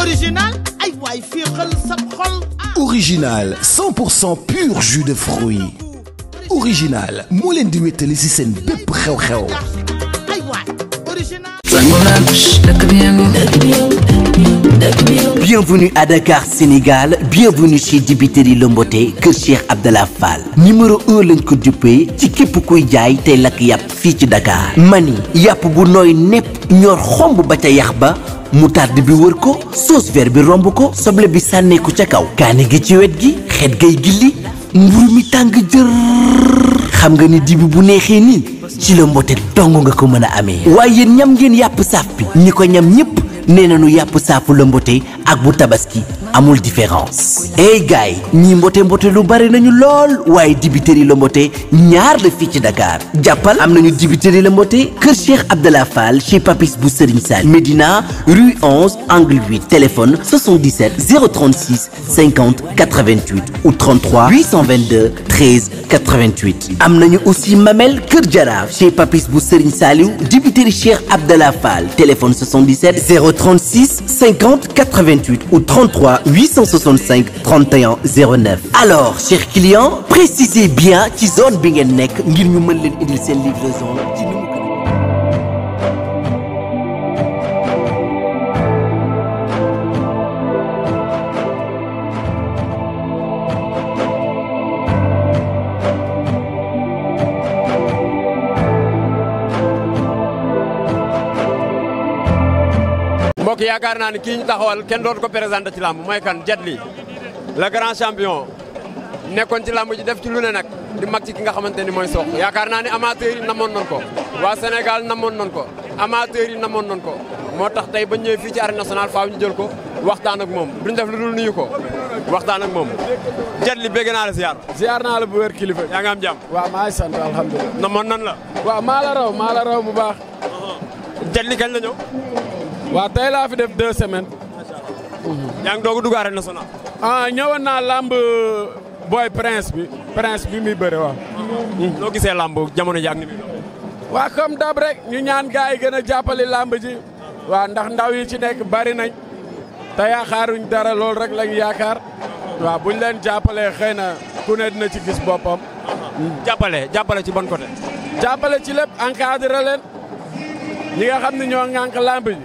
original ay waay fii xel leen di wéttali ci seen bépp xew-xew. Bienvenue à Dakar Sénégal bienvenue chez Dibiteri Lomboté kër Cheikh Abdallah Fall numéro un lañ ko duppee ci képp kuy jaay tey lakk yàpp fii ci Dakar mani yàpp bu nooy nepp ñor xomb ba ca yax ba moutarde bi wër ko sauce vert bi romb ko soble bi sànneeku ca kaw kaani gi ci wet gi xet gay gilli mburu mi tàng jër xam nga ni dibi bu neexee nii ci la mbote dong nga ko mën a amee waaye yéen ñam ngeen yàpp saaf bi ñi ko ñam ñëpp nee na nañu yàpp saafu la mbote ak bu tabaski amul différence ey eh, gaay ñi mbote mbote lu na nañu lool waaye dibiteri le mbote ñaar la fii ci Dakar jàppal am nañu dibiteri la mbote kër Cheikh Abdallah Fall chez Papis bu Serigne Sall Médina rue 11 angle 8 téléphone 77 036 50 88 ou 33 822 13 88 am na nañu aussi Mamel Kër Jaraaf chez Papis bu Serigne Saliou dibiteri Cheikh Abdallah Fall téléphone 77 036 50 88 ou 33 865 31 09 alors chers clients précisez bien ci zone bi ngeen nekk ngir ñu mën leen indil seen livraison mbokk yaakaar naa ne kii ñu taxawal kenn dootu ko présenté ci làmb mooy kan Jet Li le grand champion ci làmb def ci lu nag di mag ci ki nga xamante ni mooy Sokh yaakaar naa ne amateurs yi namoon nañ ko waa Sénégal namoon nañ ko amateurs yi namoon nañ ko moo tax tey ba ñëwee fii ci arène nationale faaw ñu jël ko waxtaan ak moom duñ def lu dul nuyu ko waxtaan ak moom Jet Li bëgg naa la ziar. naa la bu wér kilifa. yaa nga am jàmm. waaw maa ngi sant alhamdulilah. namoon nan la. waaw maa la raw maa la raw la ñëw. waaw tey laa fi def deux semaines. yaa ngi doog a dugg arène nationale. ah ñëwoon naa lamb euh, booy prince bi prince bi muy bëre waaw. Mm-hmm. noo gisee lamb jamono ji ak ni muy waa comme dab rek ñu ñaan gars yi gën a jàppale lamb ji. waa ndax ndaw yi ci nekk bari nañ. te yaakaaruñ dara loolu rek lañ yaakaar. waaw buñ leen jàppalee xëy na ku ne dina ci gis boppam. Mm-hmm. jàppale jàppale ci bon côté. jàppale ci lépp encadré ñi nga xam ne ñoo ŋànk lamb ji.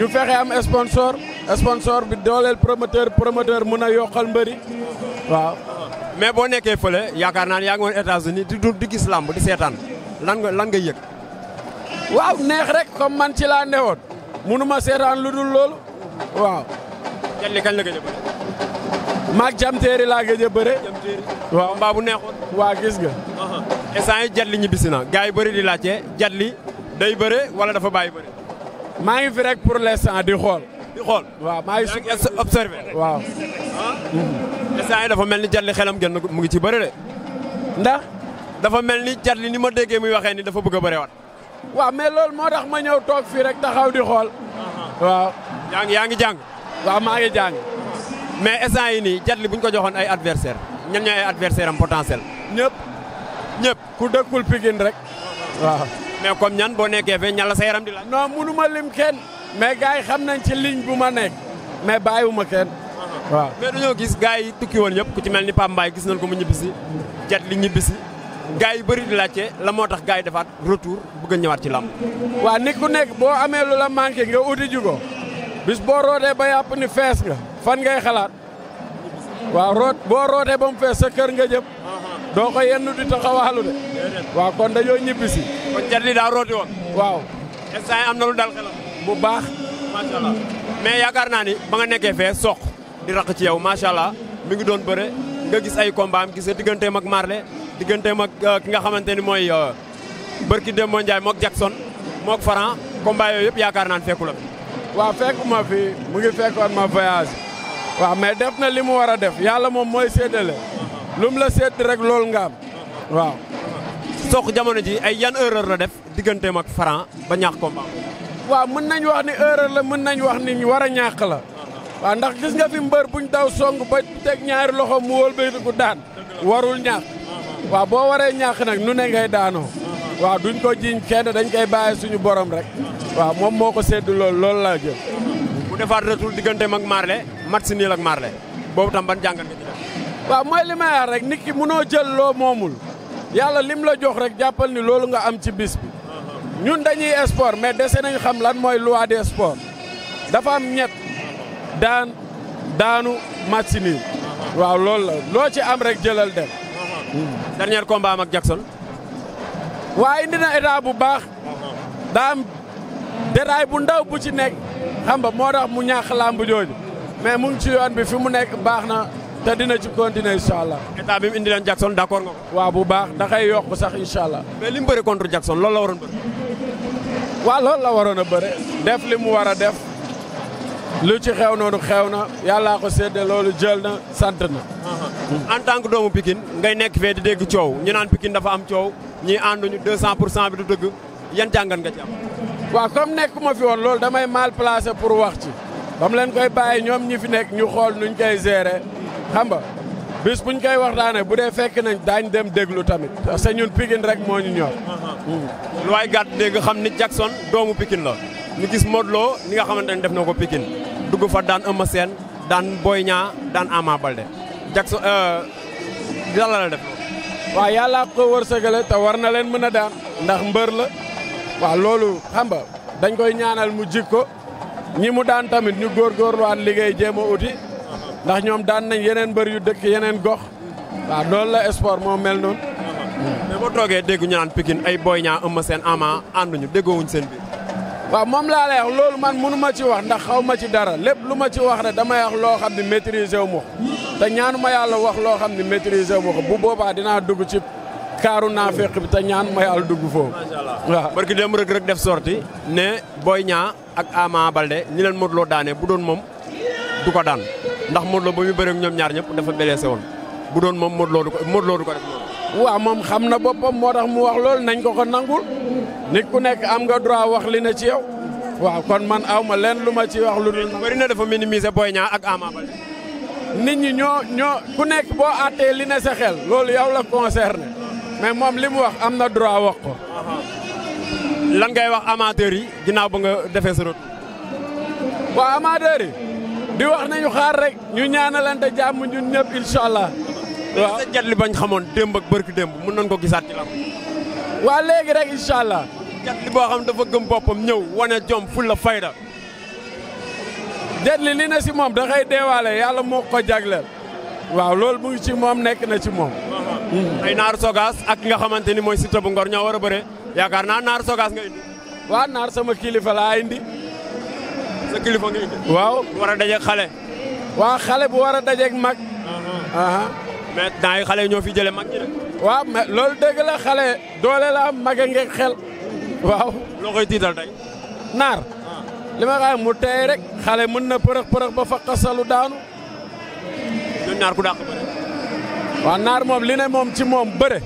ñu fexe am sponsor sponsor bi dooleel promoteur promoteur mën a yokkal mbëri waaw. mais boo nekkee fële yaakaar naa ne yaa ngi woon di du di gis làmb di seetaan lan nga lan nga yëg. waaw neex rek comme man ci laa newoon nu ma seetaan lu dul loolu waaw. kenn li kañ la gëj a bëre. maag jamteeri laa gëj a waaw mbaa mu neexoon. waa gis nga. instant yi jatli ñibbisi na gars yi bëri di laajte jatli day bëre wala dafa bàyyi bëre. maa ngi fi rek pour l'instant di xool. xool waaw maa ngi su observé waaw. instant ah? yi dafa mel ni Jadli xelam genn na mu ngi ci bëri de. ndax. dafa mel ni Jadli ni ma déggee muy waxee ni dafa bëgg a bëriwaat. waaw mais loolu moo tax ma ñëw toog fii rek taxaw di xool. Uh-huh. waaw. yaa ngi yaa jàng. waaw maa ngi jàng. mais instant yi nii Jadli bu ko joxoon ay adversaire ñan ñooy ay adversaire am potentiel. ñëpp. ñëpp ku dëkkul Pikine rek uh-huh. waaw. mais comme ñan boo nekkee fee ñala sa yaram di la. non munu ma lim kenn. gars yi xam nañ ci ligne bu ma nekk. mais bàyyiwuma kenn. Uh-huh. waaw mais dañoo gis gars yi tukki woon yëpp ku ci mel ni Pambaay gis nañ ko mu ñibbisi. jet li ñibbisi. gars yi bëri di laajte la moo tax gars yi defaat retour bëgg a ñëwaat ci lam waa nit ku nekk boo amee lu la manqué nga uti ko bis boo rootee ba yàpp ni fees nga. fan ngay xalaat. waaw root boo rootee ba mu fees sa kër nga jëm. Uh-huh. doo ko yenn di waaw kon dañoo ñibbi si. kon jar li daa rooti woon. waaw. am na lu dal xelam. bu baax. macha allah mais yaakaar naa ni ba nga nekkee fee soq. di raq ci yow macha allah mi ngi doon bëre nga gis ay combat am gis nga digganteem ak Marley digganteem euh, ki nga xamante ni mooy euh, Barki Demba Ndiaye mook Jackson mook Faran combat yooyu yëpp yaakaar naa ne fekku la. waaw fekkuma fi mu ngi fekkoon ma voyage. waaw mais def na li mu war a def yàlla moom mooy séddale. lu mu la sédd rek loolu nga Sokh jamono ji ay yan erreur la def digganteem ak Franc ba ñaax combat waaw mën nañu wax ni erreur la mën nañ wax ni ñu war a ñàkk la waaw ndax gis nga fi mbër buñ daw song ba teg ñaari loxo mu ku daan warul ñàkk waaw boo waree ñàkk nag nu ne ngay daanoo waa duñ ko jiiñ kenn dañ koy bàyyi suñu borom rek waaw moom moo ko seddu lool lool laa jël bu defaat retour digganteem ak Marley match nil ak Marley boobu tam ban jàngat nga ci def waaw mooy li loo moomul yàlla lim la jox rek jàppal ni loolu nga am ci bis ñun dañuy sport mais dese nañ xam lan mooy loi des sports dafa am ñet daan daanu match waaw loolu la loo ci am rek jëlal dem. dernier combat am ak Jackson. waa indi na état bu baax. daa am détail bu ndaw bu ci nekk xam nga moo tax mu ñàkk làmb jooju mu ngi ci yoon bi fi mu nekk baax na. te dina ci continuer incha allah. état bi mu indi leen Jackson d' accord nga ko. waaw bu baax daxay yokk sax incha allah. li mu bëri contre Jackson loolu la waroon bëri. waaw loolu la waroon a bëri def li mu war a def lu ci xew noonu xew na yàllaa ko séddee loolu jël na sant na. Uh-huh. en tant que doomu Pikine ngay nekk fee di dégg coow ñu naan Pikine dafa am coow ñi ànduñu 200 pour cent bi du dëgg yan jàngat nga ci am. waaw comme nekk ma fi woon loolu damay mal placé pour wax ci. fi nekk ñu xool nuñ koy gérer. xam nga bis buñ koy waxtaanee bu dee fekk nañ daañ dem déglu tamit parce que ñun Pikine rek moo ñu ñor. Uh-huh. lu waay gàtt dégg xam ni Jackson doomu Pikine la ñu gis Modou Lo ni nga xamante def na ko Pikine dugg fa daan Eumeu seen daan Boy ñaa daan Ama Baldé Jackson yàlla euh, la def. waaw yàllaa ko wërsëgale te war na leen mën a daan ndax mbër la waaw loolu xam dañ koy ñaanal mu jikko ñi mu daan tamit ñu góor góor góorgóorluwaat liggéey jéem a uti. ndax ñoom daan nañ yeneen mbër yu dëkk yeneen gox waaw loolu la sport moo mel noonu. mais boo toogee dégg ñu naan ay Boy Niang Eumeu seen Ama ànduñu déggoowuñ seen biir. waaw moom laa lay wax loolu man mënu ma ci wax ndax xaw ma ci dara lépp lu ma ci wax rek damay wax loo xam ne maîtriser wu ma te ñaanu ma yàlla wax loo xam ne maîtriser wu ma ko bu boobaa dinaa dugg ci kaaru naa fekk bi ta ñaan ma yàlla dugg foofu. macha allah waaw barki dem rek def sorti ne Boy Niang ak Ama Balde ñi leen Modou daane bu doon moom du ko daan. ndax Modou Lo ba muy bëreeg ñoom ñaar ñëpp dafa blessé woon bu doon moom Modou Lo ko Modou Lo ko def moom xam na boppam moo tax mu wax loolu nañ ko ko nangul nit ku nekk am nga droit wax li na ci yow. waaw kon man aw ma leen lu ma ci wax lu dul. bëri na dafa minimiser booy Niang ak Ama Baldé. nit ñi ñoo ñoo ku nekk boo àttee li ne sexeel loolu yow la concerné mais moom li mu wax am na droit wax ko. lan ngay wax amateurs yi ginaaw ba nga defee sa retour. waaw amateurs yi. di wax nañu xaar rek ñu ñaanalante jàmm ñun ñëpp incha allah. waaw bañ xamoon démb ak bërki démb mën nañ ko gisaat ci la waa léegi rek incha allah. jat li boo xam dafa gëm boppam ñëw wane jom ful la fayda. jat li li na si moom da koy deewaale yàlla moo ko jagleel. waaw loolu mu ci moom nekk na ci moom. ay naar sogaas ak ki nga xamante ni mooy si bu Ngor ñoo war a bëre yaakaar naa naar sogaas nga indi. waa naar sama kilifa laa indi. sa waaw bu war a xale. waaw xale bu war a dajeeg mag. Uh-huh. mais temps yi xale ñoo fi jëlee mag ñi rek. waaw mais loolu dëgg la xale doole la mag a xel. waaw. loo koy tiital tey. naar. Ah. li ma xam mu tey rek. xale mën na përëx përëx ba fa xasalu daanu. ñun naar ku dàq naar moom li ne moom ci moom bëre.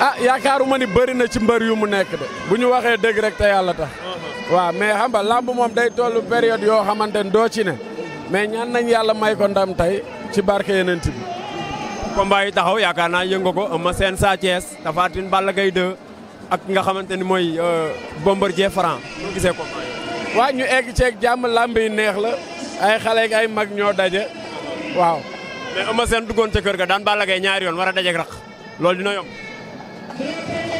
ah yaakaaruma ni bëri na ci mbër yu mu nekk de bu ñu waxee dëgg rek te yàlla tax waaw mais xam nga moom day tollu période yoo xamante ne doo ci ne mais ñaan nañ yàlla may ko ndam tey ci barke yeneen bi combat yi taxaw yaakaar naa yëngu ko ma seen saa Thiès Tapha Tine Balla Gaye 2 ak nga xamante ni mooy euh, Bombardier Franc ñu gisee ko waaw ñu egg ceeg jàmm làmb yi neex la ay xale ak ay mag ñoo daje waaw mais ama seen duggoon ca kër ga daan Balla Gaye ñaari yoon war a dajeek rak loolu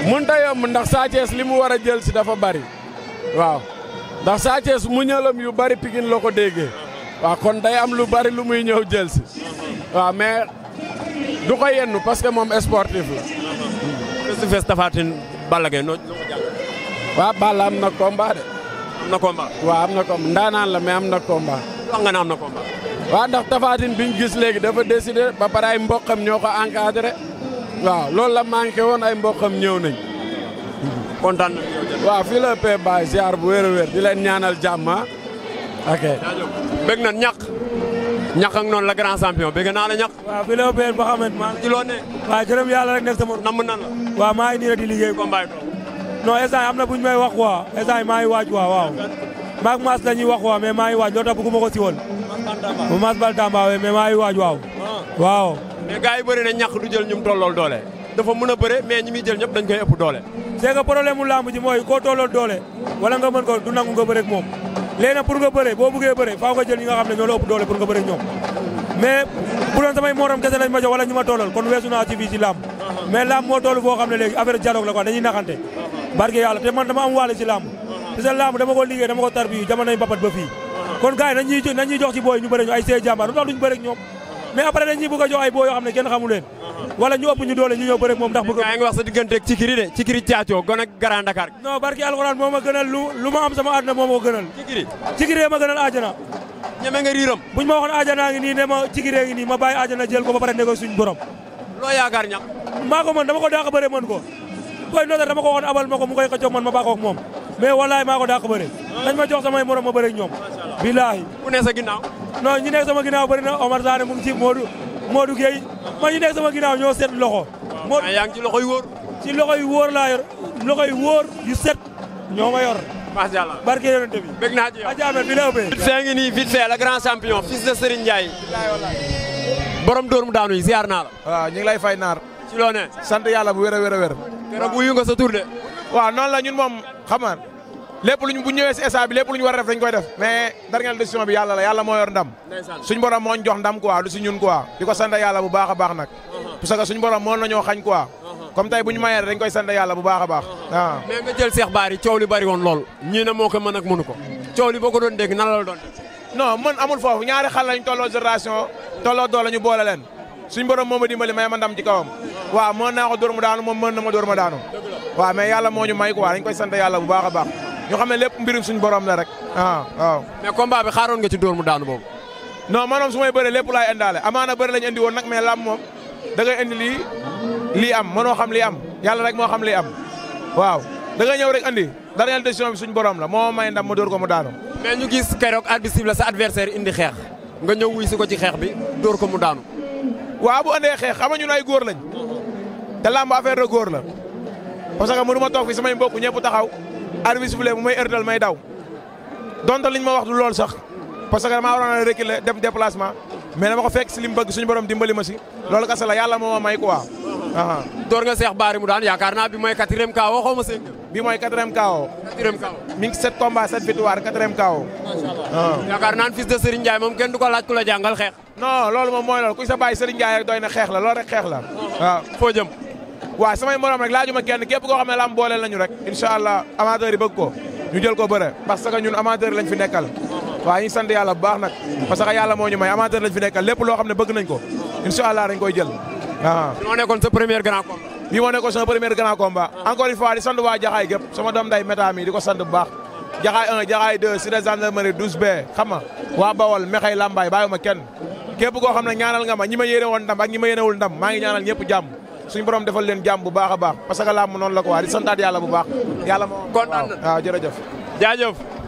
mun ta yomb ndax Sa li mu war a jël si dafa bari waaw ndax Sa Thiès mu ñëlam yu bari Pikine la ko déggee waaw kon day am lu bari lu muy ñëw jël si waaw mais du ko yennu parce que moom sportif la. su fees noo am na combat de. am na am na combat ndaanaan la mais am na combat. wax nga ne am na combat. waaw ndax tafaatin biñ gis léegi dafa décidé ba pare ay mboqam ñoo ko encadré. waa loolu la manqué woon ay mbokkam ñëw nañ. kontaan nañu waaw fii la Pé Baye ziar bu wér a di leen ñaanal jàmm ah. ok. bëgg na ñàkk ñàkk ak noonu la grand champion naa la ñàkk. waaw fii la maa ngi ci loo ne. waaw gërëm yàlla rek nekk sama. namm nan la. waaw maa ngi nii am na bu may wax quoi instant yi waaj quoi waaw. maak maas la ñuy wax waaw mais maa ngi waaj loolu tax bëgguma ko si woon. maas Bal Tamba mais maa waaj waaw. Ah. waaw. mais gars yi bëri na ñàkk du jël ñum tollool doole dafa mën a bëre mais ñi muy jël ñëpp dañ koy ëpp doole c'est que problème mu làmb ji doole wala nga mën du nangu nga bëre ak moom léegi nag pour nga bëre boo bëggee bëre faaw nga jël ñi nga xam ne ñoo wala ñu ma tollal weesu naa ci fii ci làmb mais moo toll foo xam ne léegi affaire dialogue la quoi dañuy naxante barke te man dama am wàll ci làmb parce mais après dañuy bëgg a jox ay boo yoo xam ne kenn xamu leen wala ñu ëpp ñu doole ñu ñëw bëre ak moom ndax bëgg yaa ngi wax Cikiri de Cikiri Thiatio gone ak Dakar non barki alxuraan moo gënal lu lu ma am sama ko gënal Cikiri Cikiri ma gënal aajana ñeme nga riiram buñ ma waxoon aajana ngi ne ma Cikiri ngi nii ma bàyyi aajana jël ko ba pare nekk suñu borom ma ko mu koy ko jox man ma bàqoo ak moom mais wallaay ah. ma jox samay morom ma bëre non ñu nekk sama ginnaaw bëri na Omar Sané mu ci Modou Modou Gueye man ñu nekk sama ginnaaw ñoo set loxo. Modou yaa ci loxo yu wóor. ci loxo yi woor laa yor loxo yi wóor yu set ñoo ma yor. macha allah barke yonent bi. bëgg naa ci yow Adja Ahmed bi la ëppee. vite fait ngi borom dóor mu daanu yi ziar naa la. lay fay naar. ci loo sant yàlla bu wér a wér a wér. keroog wuyu nga sa de. waaw noonu la ñun moom xam lépp bu ñëwee si instant bi lépp lu ñu war a def dañ koy def mais dernière décision bi yàlla la yàlla moo yor suñ borom moo ñu jox du si ñun quoi di ko sant bu baax a baax nag uh-huh. parce suñ borom moo xañ quoi uh-huh. comme tay bu ñu mayee dañ koy bu baax a baax waaw uh-huh. ah. mais nga jël Cheikh Bara bari woon lool ñii ne moo ko mën ak ko coow li boo ko doon dégg nan la amul foofu ñaari xal lañ tolloo génération tolloo doole ñu boole leen suñ borom moo ma dimbali may ma ndam ci kawam waaw moom mën na ma dóor ma daanu waaw koy sant yàlla bu baax a baax ñu xam ne lépp mbirum suñu borom la rek waaw ah, waaw. mais combat bi xaaroon nga ci dóor mu daanu boobu. non maanaam su may bëree lépp laay indaale amaana bëri lañu indi woon nag mais lam moom da ngay indi lii lii am mënoo xam lii am yàlla rek moo xam lii am waaw da ñëw rek andi dernière décision bi suñu borom la moo may ndam ma door ko mu daanu. mais ñu gis keroog arbitre la sa adversaire indi xeex nga ñëw wuy si ko ci xeex bi dóor ko mu daanu. waaw bu andee xeex xam ñu ñun ay góor lañ te làmb affaire de góor la parce que mënu ma toog arbitre bu lee mu may ërtal may daw donte ma wax du lool sax parce que damaa waroon a reculer dem déplacement mais dama ko fekk si li mu bëgg borom dimbali ma si loolu kese la yàlla moo may quoi. door nga Cheikh Barry mu daan yaakaar naa bi moy quatrième KO xaw ma cinq. bi mooy quatrième KO. quatrième KO mi ngi sept combats sept victoires quatrième KO. macha allah yaakaar naan fils de Serigne Ndiaye moom kenn du ko laaj ku jàngal xeex. non loolu moom mooy loolu ku sa bàyyi Serigne Ndiaye xeex la loolu xeex la waaw. foo waaw samay morom laaj laajuma kenn képp koo xam ne lamb booleel nañu rek incha allah amateur yi bëgg ko ñu jël ko bëre parce que ñun amateur lañ fi nekkal waa ñu sant yàlla bu baax nag parce que yàlla moo ñu may amateur lañ fi nekkal lépp loo xam ne bëgg nañ ko incha allah dañ koy jël waaw. bi ma nekkoon premier grand combat. bi ma nekkoon sa premier grand combat. encore une fois di sant waa Jaxaay gépp sama doom day métaa mi di ko sant bu baax. Jaxaay 1 Jaxaay 2 cité gendarmerie 12B xam nga waa Bawol kenn képp koo xam ne ñaanal nga ma ñi ma yéene woon ngi ñaanal ñëpp jàmm suñu borom defal leen jàmm bu baax a baax parce que làmb noonu la ko waa di santaat yàlla bu baax. yàlla moo kontaan na waaw jërëjëf. jaajëf.